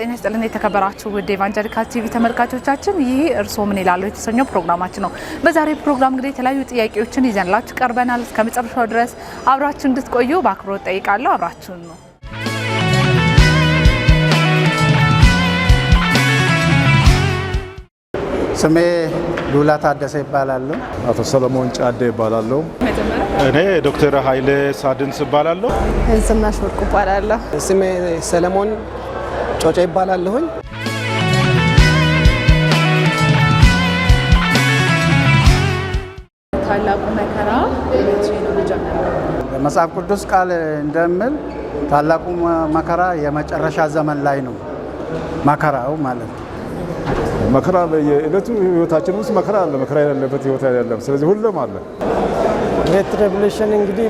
ጤና ይስጥልን የተከበራችሁ ውድ ኤቫንጀሊካል ቲቪ ተመልካቾቻችን፣ ይህ እርስዎ ምን ይላሉ የተሰኘው ፕሮግራማችን ነው። በዛሬ ፕሮግራም እንግዲህ የተለያዩ ጥያቄዎችን ይዘንላችሁ ቀርበናል። እስከ መጨረሻው ድረስ አብራችሁ እንድትቆዩ በአክብሮት ጠይቃለሁ። አብራችሁን ነው ስሜ ዱላ ታደሰ ይባላሉ። አቶ ሰለሞን ጫደ ይባላሉ። እኔ ዶክተር ሀይሌ ሳድንስ ይባላለሁ። ዝናሽ ወርቁ ይባላለሁ። ስሜ ሰለሞን ጫውጫ ይባላለሁኝ። ታላቁ መከራ ነው መጽሐፍ ቅዱስ ቃል እንደምል ታላቁ መከራ የመጨረሻ ዘመን ላይ ነው መከራው ማለት ነው። መከራ የዕለቱ ህይወታችን ውስጥ መከራ አለ። መከራ ያለበት ህይወት አይደለም። ስለዚህ ሁሉም አለ። ግሬት ሬቭሌሽን እንግዲህ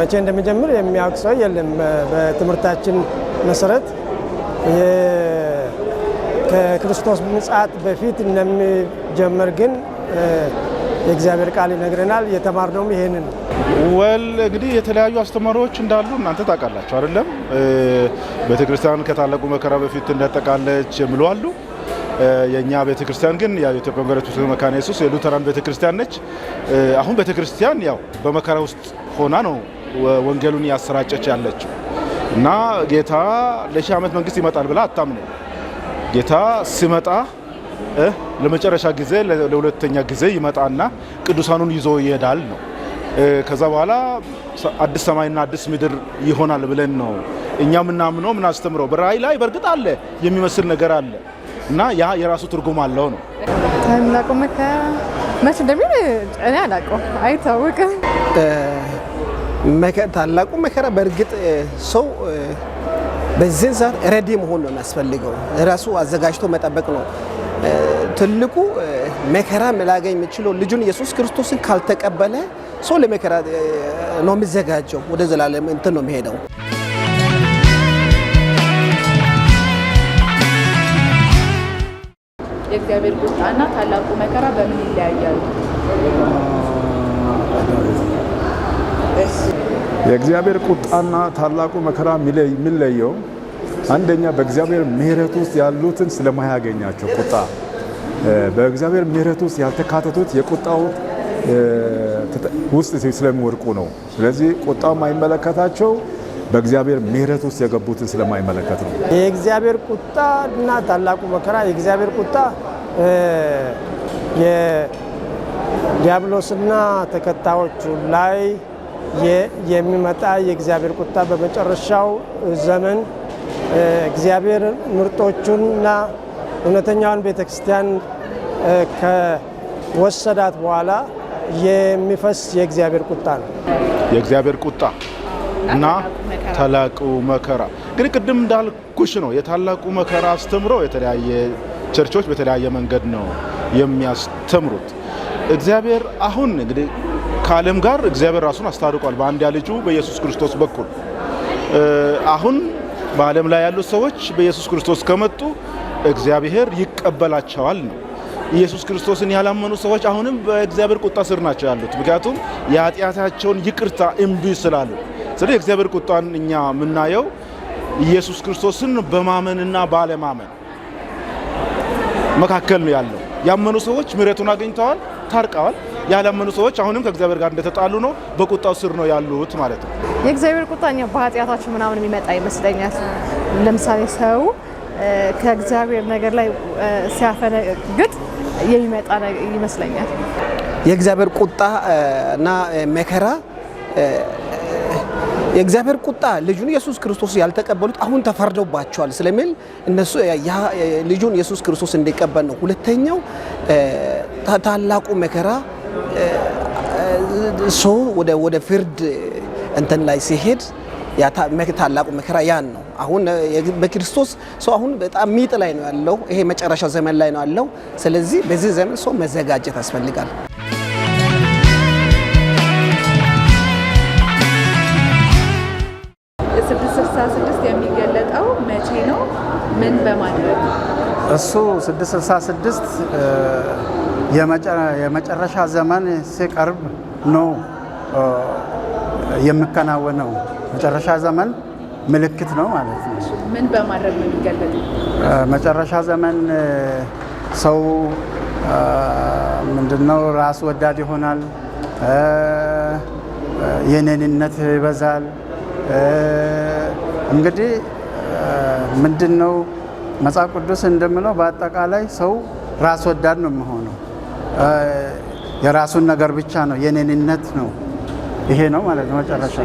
መቼ እንደሚጀምር የሚያውቅ ሰው የለም። በትምህርታችን መሰረት ከክርስቶስ ምጽአት በፊት እንደሚጀመር ግን የእግዚአብሔር ቃል ይነግረናል። የተማርነውም ይሄንን ወል እንግዲህ የተለያዩ አስተማሪዎች እንዳሉ እናንተ ታውቃላችሁ አይደለም? ቤተክርስቲያን ከታላቁ መከራ በፊት እንደጠቃለች የሚሉ አሉ። የእኛ ቤተክርስቲያን ግን የኢትዮጵያ ወንጌላዊት መካነ ኢየሱስ የሉተራን ቤተክርስቲያን ነች። አሁን ቤተክርስቲያን ያው በመከራ ውስጥ ሆና ነው ወንጌሉን ያሰራጨች ያለችው። እና ጌታ ለሺህ ዓመት መንግስት ይመጣል ብላ አታምነው። ጌታ ሲመጣ ለመጨረሻ ጊዜ ለሁለተኛ ጊዜ ይመጣና ቅዱሳኑን ይዞ ይሄዳል ነው። ከዛ በኋላ አዲስ ሰማይና አዲስ ምድር ይሆናል ብለን ነው እኛ ምናምነው ምን አስተምረው። በራእይ ላይ በእርግጥ አለ የሚመስል ነገር አለ እና ያ የራሱ ትርጉም አለው ነው። ታላቁ መቼ እንደሚል እኔ አላውቀውም አይታወቅም። ታላቁ መከራ በእርግጥ ሰው በዚህን ሰዓት ረዲ መሆን ነው የሚያስፈልገው። ራሱ አዘጋጅቶ መጠበቅ ነው ትልቁ መከራ ላገኝ የሚችለው። ልጁን ኢየሱስ ክርስቶስን ካልተቀበለ ሰው ለመከራ ነው የሚዘጋጀው። ወደ ዘላለም እንትን ነው የሚሄደው። የእግዚአብሔር ቁጣና ታላቁ መከራ በምን ይለያያሉ? የእግዚአብሔር ቁጣና ታላቁ መከራ የሚለየው አንደኛ በእግዚአብሔር ምሕረት ውስጥ ያሉትን ስለማያገኛቸው ቁጣ በእግዚአብሔር ምሕረት ውስጥ ያልተካተቱት የቁጣው ውስጥ ስለሚወድቁ ነው። ስለዚህ ቁጣው የማይመለከታቸው በእግዚአብሔር ምሕረት ውስጥ የገቡትን ስለማይመለከት ነው። የእግዚአብሔር ቁጣ እና ታላቁ መከራ የእግዚአብሔር ቁጣ የዲያብሎስና ተከታዮቹ ላይ የሚመጣ የእግዚአብሔር ቁጣ በመጨረሻው ዘመን እግዚአብሔር ምርጦቹንና እውነተኛውን ቤተ ክርስቲያን ከወሰዳት በኋላ የሚፈስ የእግዚአብሔር ቁጣ ነው። የእግዚአብሔር ቁጣ እና ታላቁ መከራ እንግዲህ ቅድም እንዳልኩሽ ነው። የታላቁ መከራ አስተምሮ የተለያየ ቸርቾች በተለያየ መንገድ ነው የሚያስተምሩት። እግዚአብሔር አሁን እንግዲህ ከዓለም ጋር እግዚአብሔር ራሱን አስታርቋል በአንድያ ልጁ በኢየሱስ ክርስቶስ በኩል። አሁን በዓለም ላይ ያሉት ሰዎች በኢየሱስ ክርስቶስ ከመጡ እግዚአብሔር ይቀበላቸዋል ነው። ኢየሱስ ክርስቶስን ያላመኑ ሰዎች አሁንም በእግዚአብሔር ቁጣ ስር ናቸው ያሉት፣ ምክንያቱም የኃጢአታቸውን ይቅርታ እምቢ ስላሉ። ስለዚህ እግዚአብሔር ቁጣን እኛ የምናየው ኢየሱስ ክርስቶስን በማመንና ባለማመን መካከል ነው ያለው። ያመኑ ሰዎች ምሕረቱን አግኝተዋል፣ ታርቀዋል። ያላመኑ ሰዎች አሁንም ከእግዚአብሔር ጋር እንደተጣሉ ነው፣ በቁጣው ስር ነው ያሉት ማለት ነው። የእግዚአብሔር ቁጣ እኛ በኃጢአታችን ምናምን የሚመጣ ይመስለኛል። ለምሳሌ ሰው ከእግዚአብሔር ነገር ላይ ሲያፈነግጥ የሚመጣ ይመስለኛል። የእግዚአብሔር ቁጣ እና መከራ የእግዚአብሔር ቁጣ ልጁን ኢየሱስ ክርስቶስ ያልተቀበሉት አሁን ተፈርዶባቸዋል ስለሚል እነሱ ልጁን ኢየሱስ ክርስቶስ እንዲቀበል ነው። ሁለተኛው ታላቁ መከራ ሰው ወደ ፍርድ እንትን ላይ ሲሄድ ታላቁ መከራ ያን ነው። አሁን በክርስቶስ ሰው አሁን በጣም ሚጥ ላይ ነው ያለው። ይሄ መጨረሻው ዘመን ላይ ነው ያለው። ስለዚህ በዚህ ዘመን ሰው መዘጋጀት ያስፈልጋል። ስድስት ስልሳ ስድስት የሚገለጠው መቼ ነው? ምን በማድረግ እሱ ስድስት ስልሳ ስድስት የመጨረሻ ዘመን ሲቀርብ ነው የሚከናወነው። መጨረሻ ዘመን ምልክት ነው ማለት ነው። ምን በማድረግ ነው የሚገለጠው? መጨረሻ ዘመን ሰው ምንድነው ራስ ወዳድ ይሆናል። የኔንነት ይበዛል። እንግዲህ ምንድነው መጽሐፍ ቅዱስ እንደምለው በአጠቃላይ ሰው ራስ ወዳድ ነው የሚሆነው። የራሱን ነገር ብቻ ነው የኔንነት ነው ይሄ ነው ማለት ነው። መጨረሻ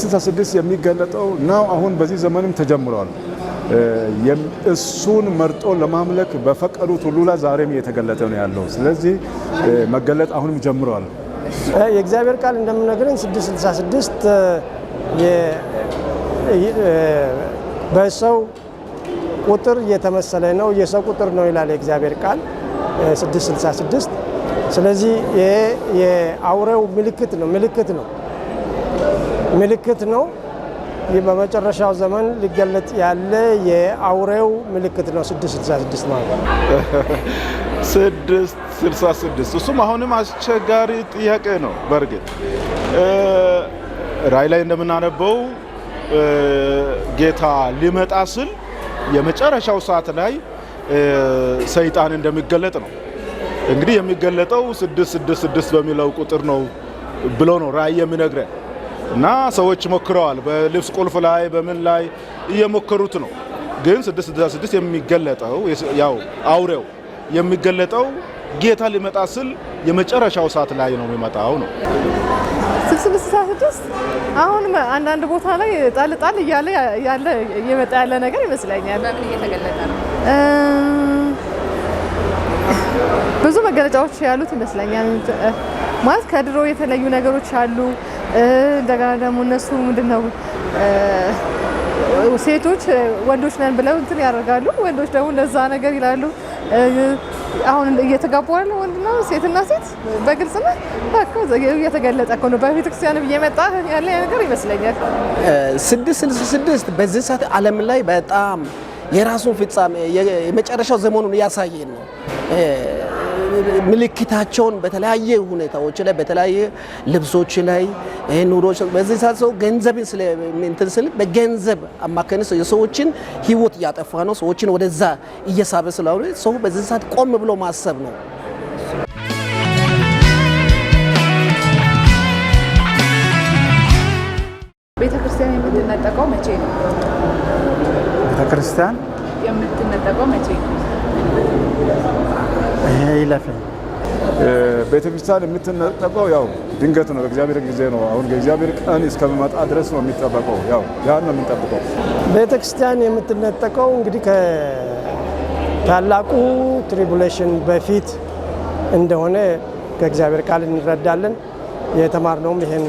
ስልሳ ስድስት የሚገለጠው ነው አሁን በዚህ ዘመንም ተጀምሯል። እሱን መርጦ ለማምለክ በፈቀዱት ሁሉ ላይ ዛሬም እየተገለጠ ነው ያለው። ስለዚህ መገለጥ አሁንም ጀምሯል። የእግዚአብሔር ቃል 6 666 በሰው ቁጥር እየተመሰለ ነው፣ የሰው ቁጥር ነው ይላል የእግዚአብሔር ቃል 666 ስለዚህ ይሄ የአውሬው ምልክት ነው ምልክት ነው ምልክት ነው። ይህ በመጨረሻው ዘመን ሊገለጥ ያለ የአውሬው ምልክት ነው። 666 ማለት ነው። 666 እሱም አሁንም አስቸጋሪ ጥያቄ ነው። በእርግጥ ራእይ ላይ እንደምናነበው ጌታ ሊመጣ ስል የመጨረሻው ሰዓት ላይ ሰይጣን እንደሚገለጥ ነው። እንግዲህ የሚገለጠው ስድስት ስድስት ስድስት በሚለው ቁጥር ነው ብሎ ነው ራእይ የሚነግረን እና ሰዎች ሞክረዋል። በልብስ ቁልፍ ላይ በምን ላይ እየሞከሩት ነው። ግን ስድስት ስድስት ስድስት የሚገለጠው ያው አውሬው የሚገለጠው ጌታ ሊመጣ ስል የመጨረሻው ሰዓት ላይ ነው የሚመጣው ነው። ስድስት አሁን አንዳንድ ቦታ ላይ ጣል ጣል እያለ ያለ እየመጣ ያለ ነገር ይመስለኛል። በምን እየተገለጠ ነው ብዙ መገለጫዎች ያሉት ይመስለኛል። ማለት ከድሮ የተለዩ ነገሮች አሉ። እንደገና ደግሞ እነሱ ምንድነው ሴቶች ወንዶች ነን ብለው እንትን ያደርጋሉ። ወንዶች ደግሞ ለዛ ነገር ይላሉ። አሁን እየተጋቡ ያለ ወንድና ሴትና ሴት በግልጽና እየተገለጠ እኮ ነው። በቤተክርስቲያን እየመጣ ያለ ነገር ይመስለኛል። ስድስት ስልሳ ስድስት በዚህ ሰዓት ዓለም ላይ በጣም የራሱን ፍጻሜ የመጨረሻው ዘመኑን እያሳየን ነው። ምልክታቸውን በተለያየ ሁኔታዎች ላይ በተለያየ ልብሶች ላይ ኑሮች በዚህ ሰዓት ሰው ገንዘብን ስለምንትን ስል በገንዘብ አማካኝ የሰዎችን ህይወት እያጠፋ ነው። ሰዎችን ወደዛ እየሳበ ስለሆነ ሰው በዚህ ሰዓት ቆም ብሎ ማሰብ ነው። ቤተክርስቲያን የምትነጠቀው መቼ ነው? ቤተክርስቲያን የምትነጠቀው መቼ ነው? ቤተ ክርስቲያን የምትነጠቀው ያው ድንገት ነው፣ እግዚአብሔር ጊዜ ነው። አሁን እግዚአብሔር ቀን እስከሚመጣ ድረስ ነው የሚጠበቀው። ያው ያን ነው የምንጠብቀው። ቤተክርስቲያን የምትነጠቀው እንግዲህ ከታላቁ ትሪቡሌሽን በፊት እንደሆነ ከእግዚአብሔር ቃል እንረዳለን። የተማርነውም ይሄን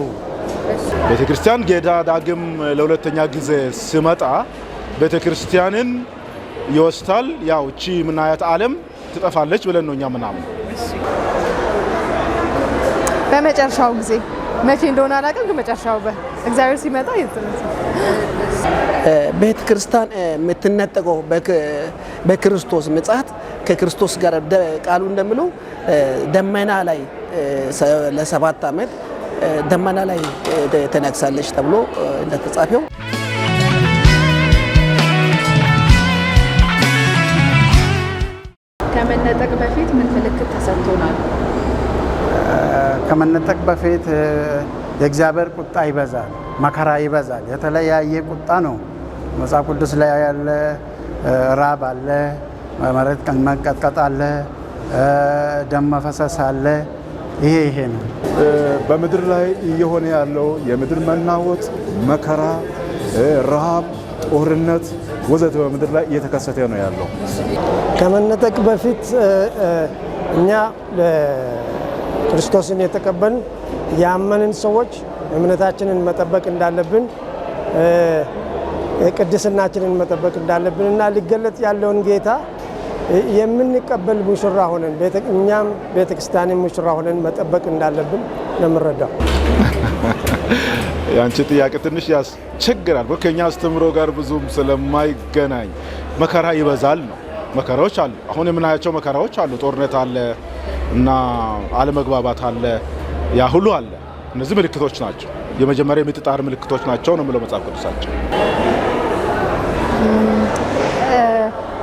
ቤተክርስቲያን ክርስቲያን ጌታ ዳግም ለሁለተኛ ጊዜ ሲመጣ ቤተክርስቲያንን ይወስታል። ያው እቺ ምናያት ዓለም ትጠፋለች ብለን ነው እኛ ምናምን። በመጨረሻው ጊዜ መቼ እንደሆነ አላውቅም፣ ግን መጨረሻው በእግዚአብሔር ሲመጣ ቤተ ክርስቲያን የምትነጠቀው በክርስቶስ ምጽአት ከክርስቶስ ጋር ቃሉ እንደምሉ ደመና ላይ ለሰባት ዓመት ደመና ላይ ተነግሳለች ተብሎ እንደተጻፈው ከመነጠቅ በፊት የእግዚአብሔር ቁጣ ይበዛል፣ መከራ ይበዛል። የተለያየ ቁጣ ነው መጽሐፍ ቅዱስ ላይ ያለ። ራብ አለ፣ መሬት መንቀጥቀጥ አለ፣ ደም መፈሰስ አለ። ይሄ ይሄ ነው በምድር ላይ እየሆነ ያለው የምድር መናወጥ፣ መከራ፣ ረሃብ፣ ጦርነት ወዘተ በምድር ላይ እየተከሰተ ነው ያለው ከመነጠቅ በፊት እኛ ክርስቶስን የተቀበልን ያመንን ሰዎች እምነታችንን መጠበቅ እንዳለብን ቅድስናችንን መጠበቅ እንዳለብን እና ሊገለጥ ያለውን ጌታ የምንቀበል ሙሽራ ሆነን እኛም ቤተ ክርስቲያንን ሙሽራ ሆነን መጠበቅ እንዳለብን ነው የአንቺ ጥያቄ ትንሽ ያስቸግራል። ከኛ አስተምሮ ጋር ብዙም ስለማይገናኝ መከራ ይበዛል ነው። መከራዎች አሉ። አሁን የምናያቸው መከራዎች አሉ። ጦርነት አለ እና አለመግባባት አለ፣ ያ ሁሉ አለ። እነዚህ ምልክቶች ናቸው። የመጀመሪያ የምጥ ምልክቶች ናቸው ነው የምለው መጽሐፍ ቅዱሳቸው።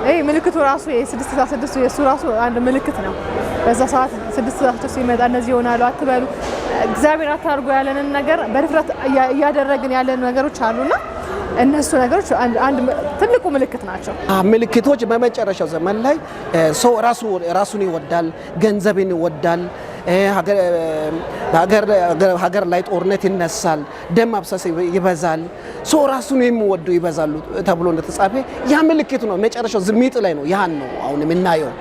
ይህ ምልክቱ ራሱ የ666 የእሱ ራሱ አንድ ምልክት ነው። በዛ ሰዓት 666 ይመጣ እነዚህ ይሆናሉ አትበሉ። እግዚአብሔር አታርጎ ያለንን ነገር በድፍረት እያደረግን ያለን ነገሮች አሉና እነሱ ነገሮች አንድ ትልቁ ምልክት ናቸው። ምልክቶች በመጨረሻው ዘመን ላይ ሰው ራሱን ይወዳል፣ ገንዘብን ይወዳል፣ ሀገር ላይ ጦርነት ይነሳል፣ ደም አብሰስ ይበዛል፣ ሰው ራሱን የሚወዱ ይበዛሉ ተብሎ እንደተጻፈ ያ ምልክት ነው። መጨረሻው ዝሚጥ ላይ ነው። ያን ነው አሁን የምናየው።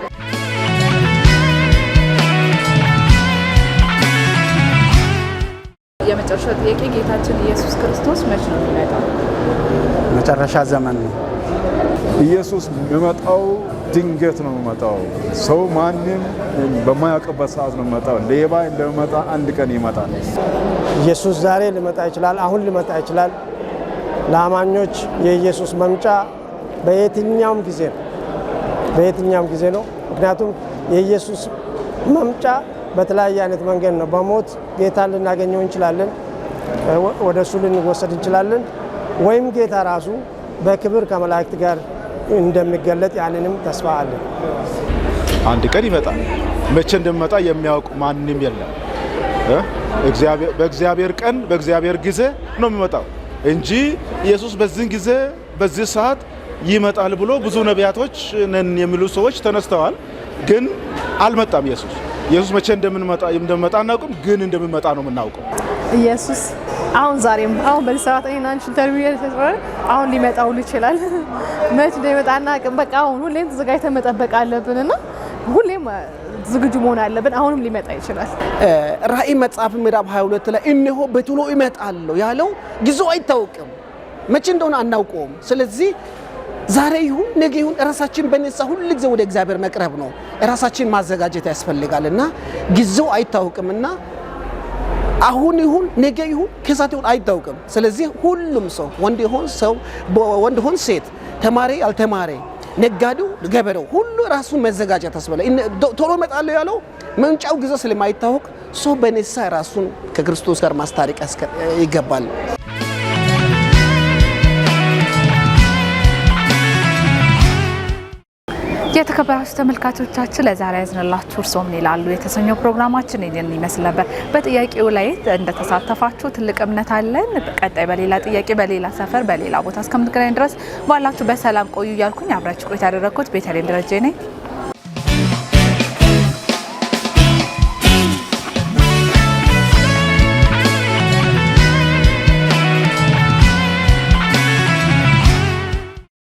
የመጨረሻው ጥያቄ ጌታችን ኢየሱስ ክርስቶስ መቼ ነው የሚመጣው? መጨረሻ ዘመን ነው። ኢየሱስ የሚመጣው ድንገት ነው የሚመጣው። ሰው ማንም በማያውቅበት ሰዓት ነው የሚመጣው። ሌባ ለመጣ አንድ ቀን ይመጣል። ኢየሱስ ዛሬ ሊመጣ ይችላል። አሁን ሊመጣ ይችላል። ለአማኞች የኢየሱስ መምጫ በየትኛውም ጊዜ ነው፣ በየትኛውም ጊዜ ነው። ምክንያቱም የኢየሱስ መምጫ በተለያየ አይነት መንገድ ነው። በሞት ጌታ ልናገኘው እንችላለን፣ ወደ እሱ ልንወሰድ እንችላለን። ወይም ጌታ ራሱ በክብር ከመላእክት ጋር እንደሚገለጥ ያንንም ተስፋ አለን። አንድ ቀን ይመጣል። መቼ እንደሚመጣ የሚያውቅ ማንም የለም። በእግዚአብሔር ቀን በእግዚአብሔር ጊዜ ነው የሚመጣው እንጂ ኢየሱስ በዚህን ጊዜ በዚህ ሰዓት ይመጣል ብሎ ብዙ ነቢያቶች ነን የሚሉ ሰዎች ተነስተዋል። ግን አልመጣም ኢየሱስ ኢየሱስ መቼ እንደምንመጣ እንደምመጣ አናውቅም፣ ግን እንደምንመጣ ነው የምናውቀው። ኢየሱስ አሁን ዛሬም አሁን በዚህ ሰዓት እኔ ኢንተርቪው እየተሰራ አሁን ሊመጣው ይችላል። መቼ እንደሚመጣ አናውቅም። በቃ አሁን ሁሌም ተዘጋጅተን መጠበቅ አለብንና ሁሌም ዝግጁ መሆን አለብን። አሁንም ሊመጣ ይችላል። ራእይ መጽሐፍ ምዕራፍ 22 ላይ እነሆ በቶሎ እመጣለሁ ያለው ጊዜው አይታወቅም፣ መቼ እንደሆነ አናውቀውም። ስለዚህ ዛሬ ይሁን ነገ ይሁን ራሳችን በነጻ ሁል ጊዜ ወደ እግዚአብሔር መቅረብ ነው። ራሳችን ማዘጋጀት ያስፈልጋል እና ጊዜው አይታወቅም አሁን ይሁን ነገ ይሁን ከዛት ይሁን አይታወቅም። ስለዚህ ሁሉም ሰው ወንድ ይሁን ሰው ወንድ ይሁን ሴት፣ ተማሪ አልተማሪ፣ ነጋዴው፣ ገበሬው ሁሉ ራሱ መዘጋጀት ያስፈልጋል። ቶሎ እመጣለሁ ያለው መምጫው ጊዜ ስለማይታወቅ ሰው በነሳ ራሱን ከክርስቶስ ጋር ማስታረቅ ይገባል። የተከበራችሁ ተመልካቾቻችን ለዛሬ ያዝንላችሁ እርስዎ ምን ይላሉ የተሰኘው ፕሮግራማችን ይህንን ይመስል ነበር። በጥያቄው ላይ እንደተሳተፋችሁ ትልቅ እምነት አለን። በቀጣይ በሌላ ጥያቄ፣ በሌላ ሰፈር፣ በሌላ ቦታ እስከምንገናኝ ድረስ ባላችሁ በሰላም ቆዩ እያልኩኝ አብራችሁ ቆይታ ያደረግኩት ቤተልሔም ደረጀ ነኝ።